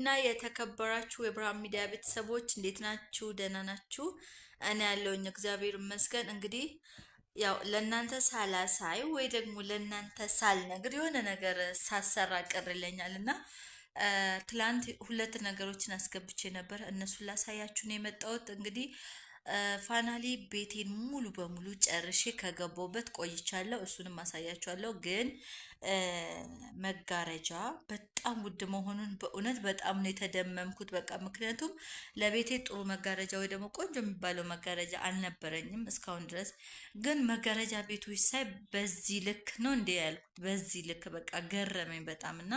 እና የተከበራችሁ የብርሃን ሚዲያ ቤተሰቦች እንዴት ናችሁ? ደህና ናችሁ? እኔ ያለውኝ እግዚአብሔር ይመስገን። እንግዲህ ያው ለእናንተ ሳላሳይ ወይ ደግሞ ለእናንተ ሳልነግር የሆነ ነገር ሳሰራ ቅር ይለኛል እና ትላንት ሁለት ነገሮችን አስገብቼ ነበር። እነሱን ላሳያችሁ ነው የመጣሁት እንግዲህ ፋናሊ ቤቴን ሙሉ በሙሉ ጨርሼ ከገባሁበት ቆይቻለሁ። እሱንም አሳያችኋለሁ። ግን መጋረጃ በጣም ውድ መሆኑን በእውነት በጣም ነው የተደመምኩት። በቃ ምክንያቱም ለቤቴ ጥሩ መጋረጃ ወይ ደግሞ ቆንጆ የሚባለው መጋረጃ አልነበረኝም እስካሁን ድረስ። ግን መጋረጃ ቤቶች ሳይ በዚህ ልክ ነው እንዲ ያልኩት በዚህ ልክ በቃ ገረመኝ በጣም እና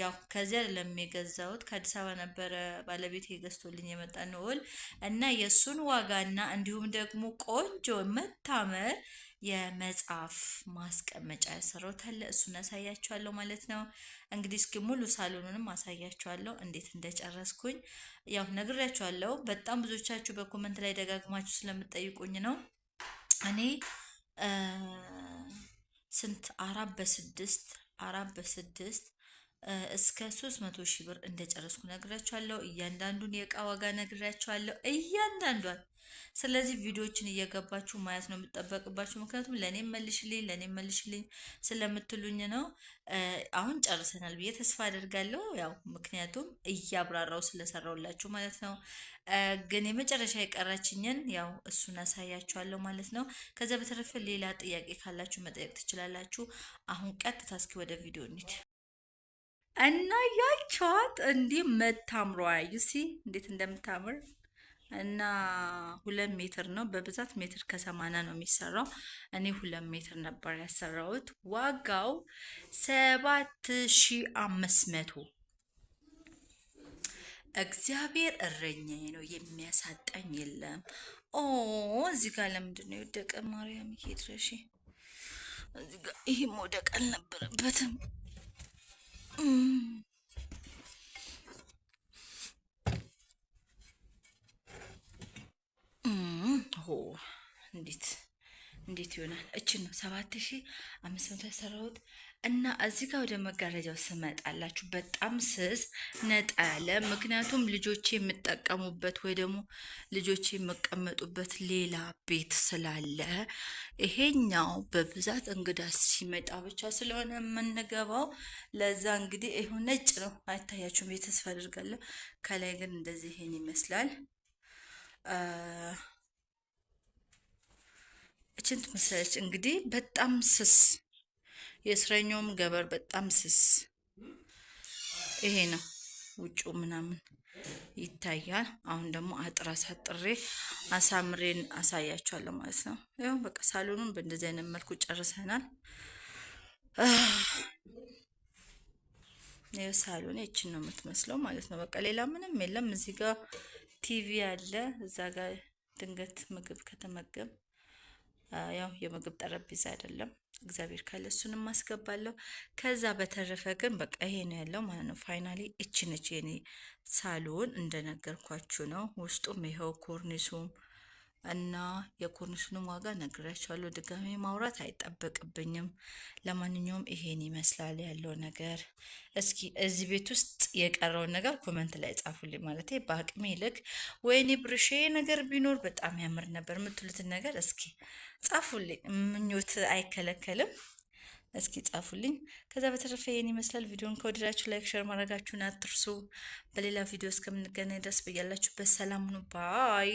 ያው ከዚያ አይደለም የገዛሁት ከአዲስ አበባ ነበረ ባለቤት የገዝቶልኝ የመጣ ንውል እና የእሱን ዋጋና እንዲሁም ደግሞ ቆንጆ መታመር የመጽሐፍ ማስቀመጫ ያሰራውታለ እሱን አሳያችኋለሁ ማለት ነው። እንግዲህ እስኪ ሙሉ ሳሎኑንም አሳያችኋለሁ እንዴት እንደጨረስኩኝ። ያው ነግሬያችኋለሁ። በጣም ብዙዎቻችሁ በኮመንት ላይ ደጋግማችሁ ስለምጠይቁኝ ነው እኔ ስንት አራት በስድስት አራት በስድስት እስከ 300 ሺህ ብር እንደጨረስኩ ነግራችኋለሁ። እያንዳንዱን የእቃ ዋጋ ነግራችኋለሁ። እያንዳንዷን ስለዚህ ቪዲዮዎችን እየገባችሁ ማየት ነው የምጠበቅባችሁ። ምክንያቱም ለእኔም መልሽልኝ፣ ለእኔም መልሽልኝ ስለምትሉኝ ነው። አሁን ጨርሰናል ብዬ ተስፋ አደርጋለሁ። ያው ምክንያቱም እያብራራው ስለሰራውላችሁ ማለት ነው። ግን የመጨረሻ የቀራችኝን ያው እሱን አሳያችኋለሁ ማለት ነው። ከዚያ በተረፈ ሌላ ጥያቄ ካላችሁ መጠየቅ ትችላላችሁ። አሁን ቀጥታ እስኪ ወደ ቪዲዮ እንሂድ እና ያቻት እንዲህ መታምሯ ዩሲ እንዴት እንደምታምር እና ሁለት ሜትር ነው በብዛት ሜትር ከሰማንያ ነው የሚሰራው። እኔ ሁለት ሜትር ነበር ያሰራሁት። ዋጋው ሰባት ሺ አምስት መቶ እግዚአብሔር እረኛዬ ነው የሚያሳጣኝ የለም። ኦ እዚህ ጋር ለምንድን ነው የወደቀ? ማርያም ይሄድረሽ እዚህ ጋር ይሄ መውደቅ አልነበረበትም። እንዴት እንዴት ይሆናል? እችን ነው ሰባት ሺ አምስት መቶ እና እዚህ ጋር ወደ መጋረጃው ስመጣላችሁ በጣም ስስ ነጣ ያለ ምክንያቱም ልጆቼ የምጠቀሙበት ወይ ደግሞ ልጆቼ የምቀመጡበት ሌላ ቤት ስላለ ይሄኛው በብዛት እንግዳ ሲመጣ ብቻ ስለሆነ የምንገባው ለዛ እንግዲህ ይሁ ነጭ ነው አይታያችሁም? ተስፋ አድርጋለሁ። ከላይ ግን እንደዚህ ይሄን ይመስላል። ይችን ትመስላለች። እንግዲህ በጣም ስስ የእስረኛውም ገበር በጣም ስስ ይሄ ነው። ውጩ ምናምን ይታያል። አሁን ደግሞ አጥር አሳጥሬ አሳምሬን አሳያችኋለሁ ማለት ነው። ይኸው በቃ ሳሎኑን በእንደዚህ አይነት መልኩ ጨርሰናል። ይኸው ሳሎን ይችን ነው የምትመስለው ማለት ነው። በቃ ሌላ ምንም የለም። እዚህ ጋር ቲቪ አለ። እዛ ጋር ድንገት ምግብ ከተመገብ ያው የምግብ ጠረጴዛ አይደለም። እግዚአብሔር ካለ እሱንም ማስገባለሁ። ከዛ በተረፈ ግን በቃ ይሄ ነው ያለው ማለት ነው። ፋይናሊ ነች የኔ ሳሎን እንደነገርኳችሁ ነው። ውስጡም ይኸው ኮርኒሱም እና የኮርኒሱንም ዋጋ ነግራችኋለሁ። ድጋሚ ማውራት አይጠበቅብኝም። ለማንኛውም ይሄን ይመስላል ያለው ነገር። እስኪ እዚህ ቤት ውስጥ የቀረውን ነገር ኮመንት ላይ ጻፉልኝ። ማለት በአቅሜ ልክ ወይኔ ብርሼ ነገር ቢኖር በጣም ያምር ነበር የምትሉትን ነገር እስኪ ጻፉልኝ። ምኞት አይከለከልም። እስኪ ጻፉልኝ። ከዛ በተረፈ ይህን ይመስላል። ቪዲዮን ከወደዳችሁ ላይክ፣ ሸር ማድረጋችሁን አትርሱ። በሌላ ቪዲዮ እስከምንገናኝ ድረስ በያላችሁበት ሰላም ሁኑ። ባይ